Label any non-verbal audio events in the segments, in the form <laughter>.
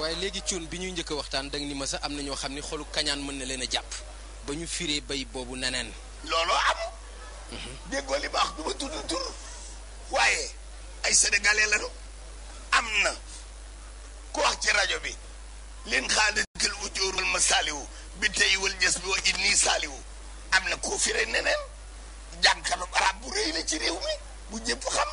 waaye léegi cuun bi ñuy njëkk waxtaan da ni ma sax am na ñoo xam ne xolu kañaan mën na leen a jàpp ba ñu firee bay boobu neneen looloo am déggoo li baax du ma tur waaye ay sénégalais lañu am na ku wax ci rajo bi leen xaada dëkkal ujóorul ma saaliwu bi tey wal jës bi wa inni saaliwu am na koo firee neneen jànkanu arab bu réy la ci réew mi bu ñëpp xam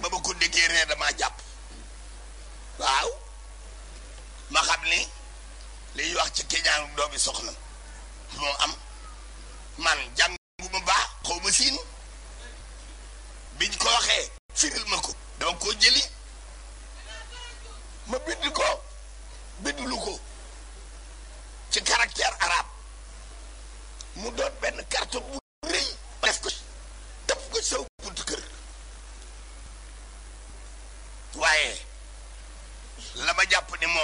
man ba ma ko déggee ree damaa jàpp waaw ma xam ni liy wax ci keñaanu doomi soxna moo am man jànguma baax xaw ma siin biñ ko waxee firil ma ko dama koo jëli ma bind ko bindulu ko ci caractère arabe mu doon benn carte bu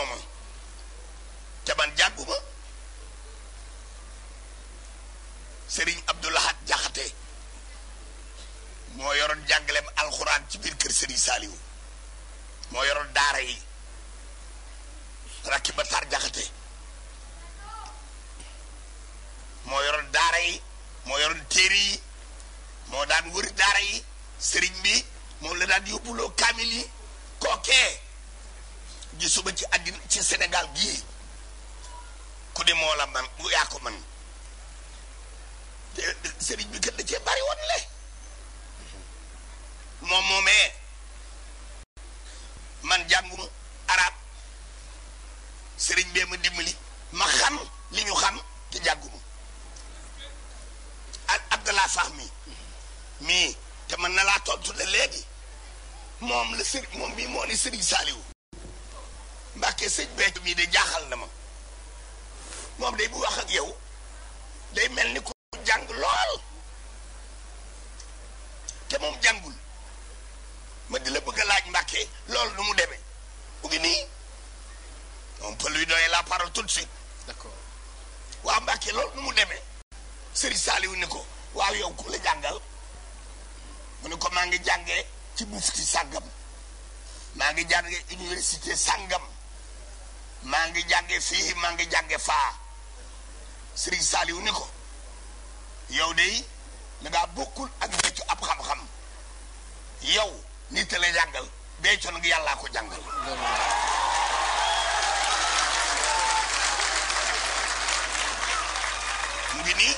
moomu ca ban ba sëriñ abdoulahat jaxate moo yoroon jàngaleem ci biir kër sëriñ saaliwu moo daara yi rakki ba tar moo yoroon daara yi moo daan wëri daara yi sëriñ bi moom la daan yóbbuloo kaamil yi kookee ji suba ci àddina ci senegal gii ku di moo la man yaa ko man sëriñ bi kër da cee bari woon le moom moomee man jàngum arab sëriñ bee ma dimbali ma xam li ñu xam te jànguma ak Abdallah Fahmi mii te man na laa tontu la léegi moom la sëriñ moom mii moo ni sëriñ Saaliwu sëñ Béthio mii de jaaxal na ma moom day bu wax ak yow day mel ni ku jàng lool te moom jàngul ma di la bëgg a laaj Mbàkke lool nu mu deme mu ngi nii on peut lui donner la parole tout de waa Mbàkke loolu nu mu demee Serigne Saliou ni ko waaw yow ku la jàngal mu ne ko maa ngi jànge ci bufti sàngam maa ngi jàngee université sàngam maa ngi jànge fii maa ngi jànge faa Serigne Saliou ni ko yow de da ngaa bokkul ak béccu ab xam-xam yow nit la jàngal béccoon ngi yàllaa ko jàngal mu ngi nii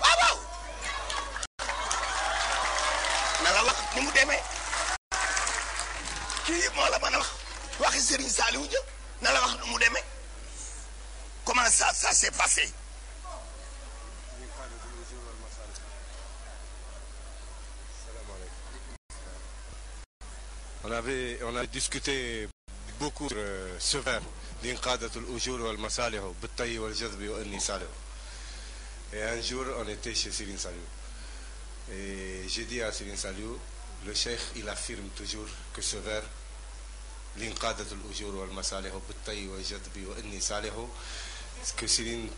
waaw waaw na la ni mu demee kii moo la mën a wax waxi Serigne Saliou jë na la wax nu mu demee comment ça ça s'est passé on avait on a discuté beaucoup sur euh, ce vers l'inqadatul ujur wal masalih bit-tayy wal jazb wa an-nisalih et un jour on était chez Serigne Saliou et j'ai dit à Serigne Saliou le cheikh il affirme toujours que ce vers l'inqaadatu l ujur wal masalihu bu tay wa jadbi wa inni salihu ce que Serigne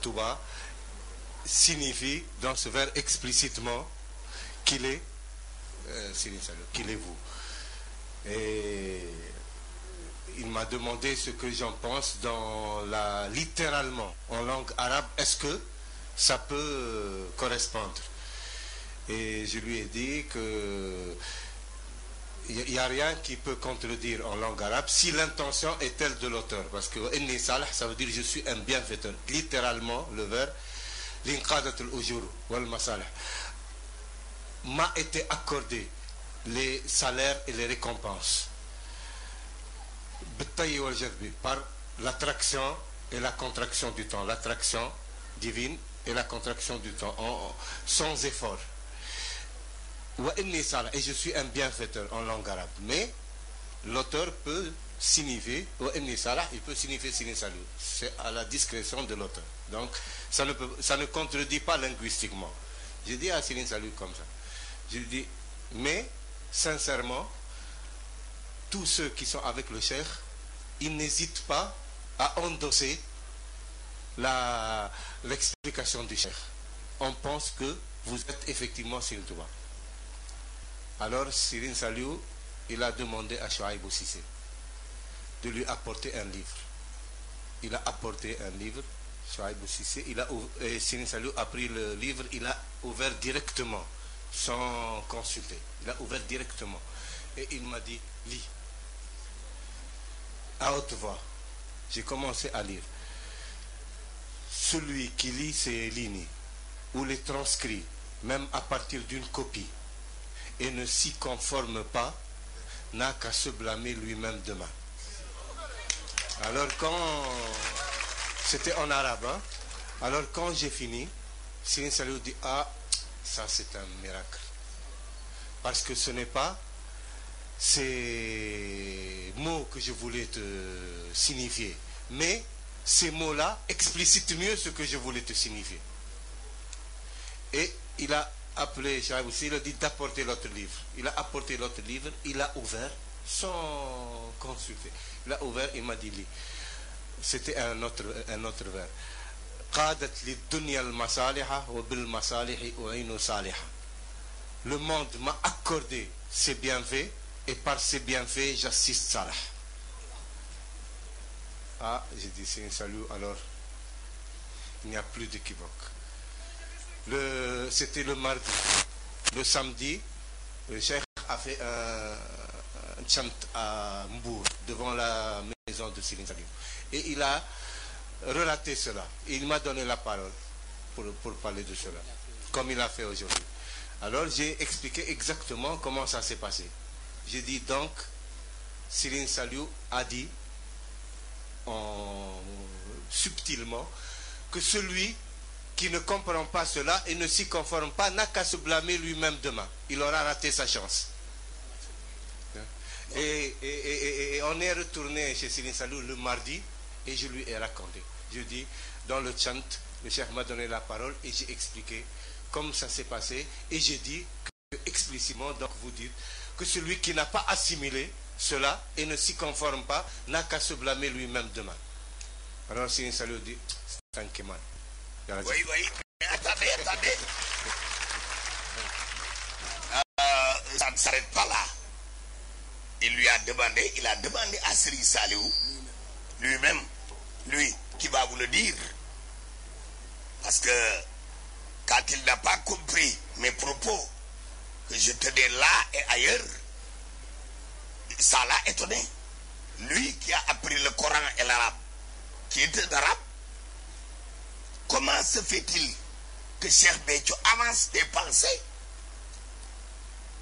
Touba signifie dans ce vers explicitement qu'il est euh, Serigne Saliou qu'il est vous et il m'a demandé ce que j'en pense dans la littéralement en langue arabe est-ce que ça peut euh, correspondre et je lui ai dit que il y a rien qui peut contredire en langue arabe si l'intention est telle de l'auteur parce que inni salih ça veut dire je suis un bienfaiteur littéralement le vers l'inqadatul ujur wal masalih m'a été accordé les salaires et les récompenses bit-tayyi wal jadbi par l'attraction et la contraction du temps l'attraction divine et la contraction du temps en, en, sans effort wa inni salah et je suis un bienfaiteur en langue arabe mais l'auteur peut signifier wa inni salah il peut signifier sini salut c'est à la discrétion de l'auteur donc ça ne peut ça ne contredit pas linguistiquement je dis à ah, sini comme ça je dis mais sincèrement tous ceux qui sont avec le cheikh ils n'hésitent pas à endosser la l'explication du cheikh on pense que vous êtes effectivement sur le Alors Sirine i il a demandé à Chouaïbou Cissé de lui apporter un livre. Il a apporté un livre, Chouaïbou Cissé, il a et Sirine a pris le livre, il a ouvert directement, son consulter. Il a ouvert directement. Et il m'a dit, lis. À haute voix, j'ai commencé à lire. Celui qui lit ces lignes ou les transcrit, même à partir d'une copie, et ne s'y conforme pas n'a qu'à se blâmer lui-même demain. Alors quand c'était en arabe hein? Alors quand j'ai fini, Serigne Saliou dit ah ça c'est un miracle. Parce que ce n'est pas ces mots que je voulais te signifier, mais ces mots-là explicitent mieux ce que je voulais te signifier. Et il a appelé Chouaïbou Silla dit d'apporter l'autre livre il a apporté l'autre livre il l'a ouvert sans consulter il l'a ouvert il m'a dit lii c'était un autre un autre vers li dunya al masaliha wa bil masalihi uynu saliha monde m'a accordé ses bienfaits et par ses bienfaits j'assiste Salah ah j'ai dit c'est un salut alors il n'y le c'était le mardi le samedi le euh, Cheikh a fait un, euh, euh, un à Mbour devant la maison de Serigne Saliou et il a relaté cela il m'a donné la parole pour pour parler de cela comme il a fait aujourd'hui alors j'ai expliqué exactement comment ça s'est passé j'ai dit donc Serigne Saliou a dit subtilement que celui qui ne comprend pas cela et ne s'y conforme pas n'a qu'à se blâmer lui-même demain. Il aura raté sa chance. Et, et, et, on est retourné chez Céline Salou le mardi et je lui ai raconté. Je dis, dans le chant, le chef m'a donné la parole et j'ai expliqué comme ça s'est passé et j'ai dit que, explicitement, donc vous dites que celui qui n'a pas assimilé cela et ne s'y conforme pas n'a qu'à se blâmer lui demain. Alors Céline Salou dit, tranquillement. Jërëjëf oui oui attendez attendez euh, s'arrête pas là il lui a demandé il a demandé à Serigne Saliou lui-même lui qui va vous le dire parce que quand il n'a pas compris mes propos que je tenais là et ailleurs ça l'a étonné lui qui a appris le Coran et l'arabe qui était d'arabe comment se fait-il que Cheikh Béthio avance des pensées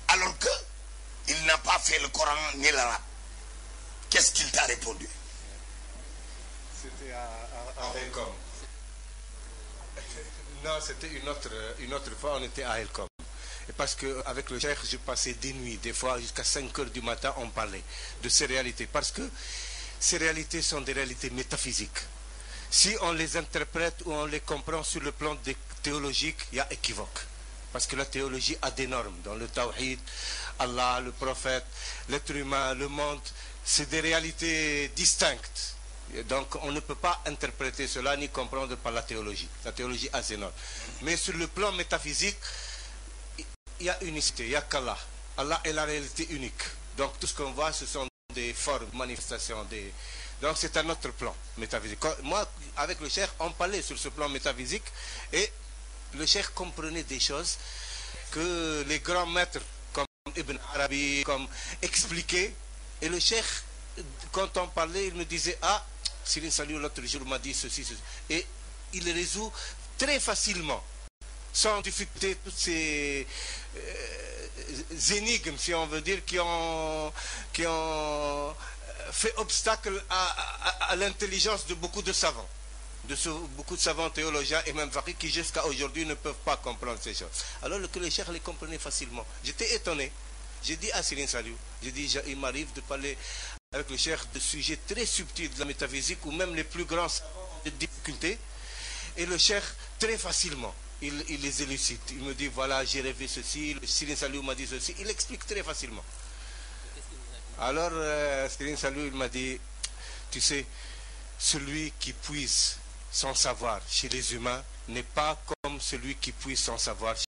alors que il n'a pas fait le Coran ni l'arabe qu'est-ce qu'il t'a répondu c'était <laughs> une autre fois on était à Helcom parce que avec le Cheikh je passais des nuits des fois jusqu'à 5 heures du matin on parlait de ces réalités parce que ces réalités sont des réalités métaphysiques si on les interprète ou on les comprend sur le plan théologique il y a équivoque parce que la théologie a des normes dans le tawhid Allah le prophète l'être humain le monde c'est des réalités distinctes et donc on ne peut pas interpréter cela ni comprendre par la théologie la théologie a ses normes mais sur le plan métaphysique il y a unicité il y a qu'Allah Allah est la réalité unique donc tout ce qu'on voit ce sont des formes manifestations des Donc c'est un autre plan métaphysique. Moi, avec le cheikh, on parlait sur ce plan métaphysique et le cheikh comprenait des choses que les grands maîtres comme Ibn Arabi, comme expliquaient. Et le cheikh, quand on parlait, il me disait, ah, Sirin Saliou l'autre jour m'a dit ceci, ceci. Et il résout très facilement, sans difficulté, toutes ces... Euh, énigmes, si on veut dire, qui ont fait obstacle à, l'intelligence de beaucoup de savants, de ce, beaucoup de savants théologiens et même varis qui jusqu'à aujourd'hui ne peuvent pas comprendre ces choses. Alors que les chers les comprenaient facilement. J'étais étonné. J'ai dit à Céline Saliou, j'ai dit, il m'arrive de parler avec le cher de sujets très subtils de la métaphysique où même les plus grands difficultés. Et le cher, très facilement, il, il les élucide. Il me dit, voilà, j'ai rêvé ceci, Céline m'a dit ceci. Il Alors, euh, Stéphane Salou, il m'a dit, tu sais, celui qui puise son savoir chez les humains n'est pas comme celui qui puise son savoir chez